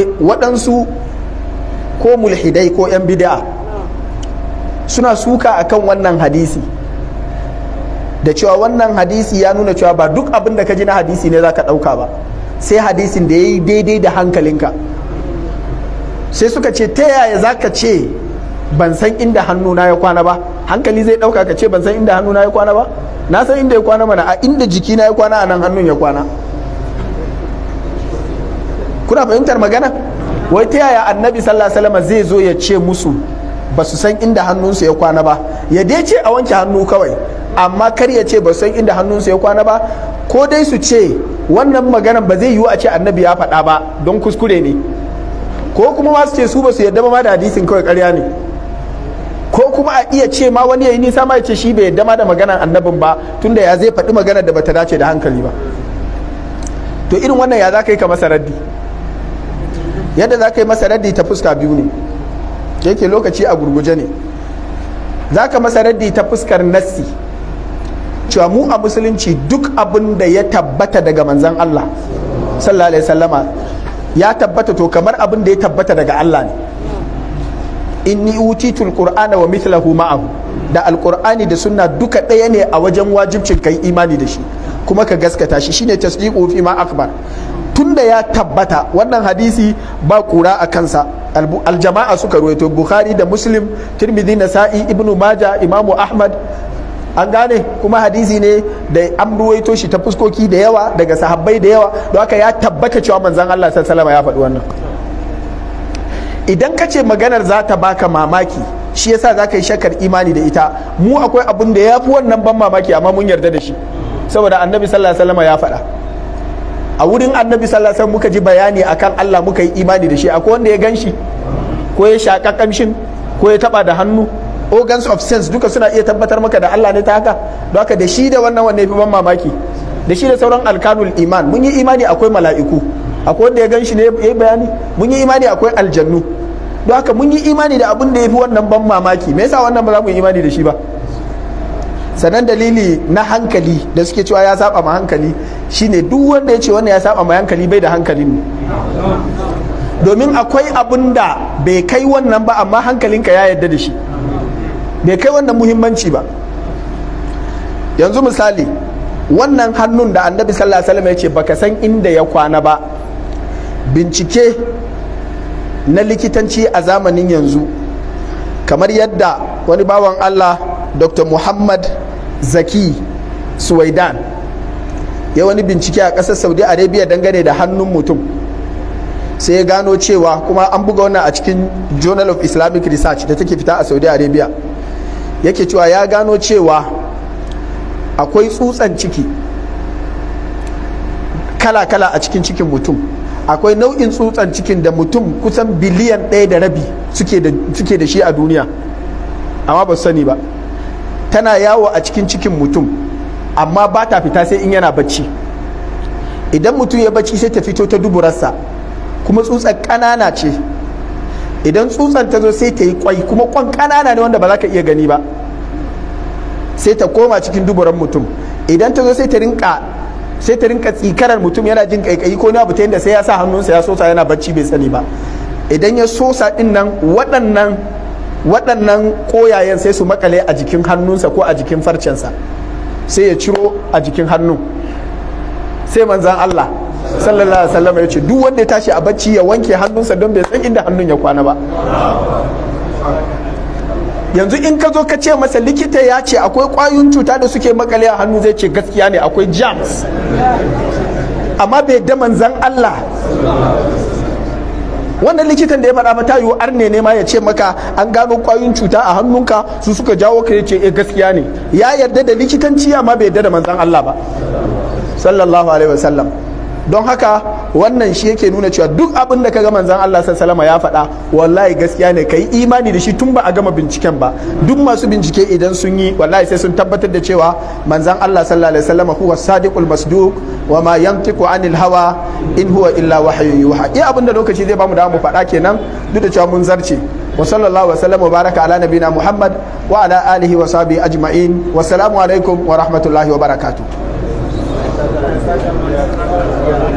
Eh, waɗansu ko mulhidai ko 'yan bid'a suna suka akan wannan hadisi da cewa wannan hadisi ya nuna cewa ba duk abin da ka ji na hadisi ne za ka ɗauka ba sai hadisin da ya yi daidai da hankalinka sai suka ce ta yaya za ka ce ban san inda hannu na ya kwana ba hankali zai ɗauka ka ce ban san inda hannu na ya kwana ba na san inda ya kwana mana a inda jikina ya kwana a nan hannun ya kwana kuna fahimtar magana wai ta yaya annabi sallallahu alaihi wasallam zai zo ya ce musu ba su san inda hannunsu ya kwana ba ya dai ce a wanke hannu kawai amma kar ya ce ba su san inda hannunsu ya kwana ba ko dai su ce wannan maganan ba zai yiwu a ce annabi ya faɗa ba don kuskure ne ko kuma ma su ce su ba su yadda ba da hadisin kawai karya ne ko kuma a iya ce ma wani ya yi nisa ma ya ce shi bai yadda ma da maganan annabin ba tunda ya zai faɗi maganar da bata dace da hankali ba to irin wannan ya za ka yi ka masa yadda za ka yi masa raddi ta fuska biyu ne yake lokaci a gurguje ne za ka masa raddi ta fuskar nassi cewa mu a musulunci duk abin da ya tabbata daga manzan Allah sallallahu alaihi sallama ya tabbata to kamar abin da ya tabbata daga Allah ne inni utitul qur'ana wa mithlahu ma'ahu da alqur'ani da sunna duka ɗaya ne a wajen wajibcin kai imani da shi kuma ka gaskata shi shine tasdiqu fi ma akbar tunda ya tabbata wannan hadisi ba kura a kansa aljama'a suka ruwaito bukhari da muslim tirmidhi nasa'i ibnu maja imamu ahmad an gane kuma hadisi ne da an ruwaito shi ta fuskoki da yawa daga sahabbai da yawa don haka ya tabbata cewa manzan Allah sallallahu ya faɗi wannan idan ka ce maganar za ta baka mamaki shi yasa za ka yi shakar imani da ita mu akwai abun da ya fi wannan ban mamaki amma mun yarda da shi saboda annabi sallallahu alaihi ya faɗa a wurin annabi sallallahu alaihi muka ji bayani akan Allah muka yi imani da shi akwai wanda ya gan shi ko ya shaƙa kamshin ko ya taba da hannu organs of sense duka suna iya tabbatar maka da Allah ne ta haka don haka da shi da wannan wanne fi ban mamaki da shi da sauran alkanul iman mun yi imani akwai mala'iku akwai wanda ya gan shi ne ya yi bayani mun yi imani akwai aljannu don haka mun yi imani da abin da ya fi wannan ban mamaki me yasa wannan ba za mu yi imani da shi ba sannan dalili na hankali da suke cewa ya saba ma hankali Shi ne duk wanda ya ce wannan ya saba mai hankali bai da hankalin ne domin akwai abin da bai kai wannan ba amma hankalinka ya yarda da shi bai kai wannan muhimmanci ba yanzu misali wannan hannun da annabi sallallahu alaihi wasallam ya ce baka san inda ya kwana ba bincike na likitanci a zamanin yanzu kamar yadda wani bawan Allah dr muhammad zaki suwaidan ya wani bincike a ƙasar saudi arabia dangane da hannun mutum sai ya gano cewa kuma an buga wannan a cikin journal of islamic research da take fita a saudi arabia yake cewa ya gano cewa akwai tsutsan ciki kala-kala a cikin cikin mutum akwai nau'in tsutsan cikin da mutum kusan biliyan ɗaya da rabi suke da shi a duniya amma ba sani ba tana yawo a cikin cikin mutum amma ba ta fita sai in yana bacci idan mutum ya bacci sai ta fito ta duburarsa kuma tsutsar ƙanana ce idan tsutsan ta zo sai ta yi kwai kuma kwan ƙanana ne wanda ba za ka iya gani ba sai ta koma cikin duburan mutum idan ta zo sai ta rinka sai ta rinka tsikarar mutum yana jin kaikayi ko na ta yadda sai ya sa hannunsa ya sosa yana bacci bai sani ba idan ya sosa din nan waɗannan waɗannan koyayen sai su makale a jikin hannunsa ko a jikin farcensa sai ya ciro a jikin hannu sai manzan Allah sallallahu alaihi wasallam ya ce duk wanda ya tashi a bacci ya wanke hannunsa don bai san inda hannun ya kwana ba yanzu in ka zo ka ce masa likita ya ce akwai ƙwayoyin cuta da suke makale a hannu zai ce gaskiya ne akwai jams amma bai da manzan Allah wannan likitan da ya faɗa mata yiwu arne ne ma ya ce maka an gano kwayoyin cuta a hannunka su suka jawo ka ya ce eh gaskiya ne ya yarda da likitanci amma bai yarda da manzon Allah ba sallallahu alaihi wasallam don haka wannan shi yake nuna cewa duk abin da kaga manzan Allah sallama ya faɗa wallahi gaskiya ne kai imani da shi tun ba a gama binciken ba duk masu bincike idan sun yi wallahi sai sun tabbatar da cewa manzan Allah sallallahu alaihi wasallam huwa sadiqul masduq wa ma yantiqu anil hawa in huwa illa wahyu yuha iya abin da lokaci zai mu da mu faɗa kenan duk da cewa mun zarce wa sallallahu wa sallam wa baraka ala nabina muhammad wa ala alihi wa sahbihi ajma'in wa salamu alaikum wa rahmatullahi wa barakatuh Gracias.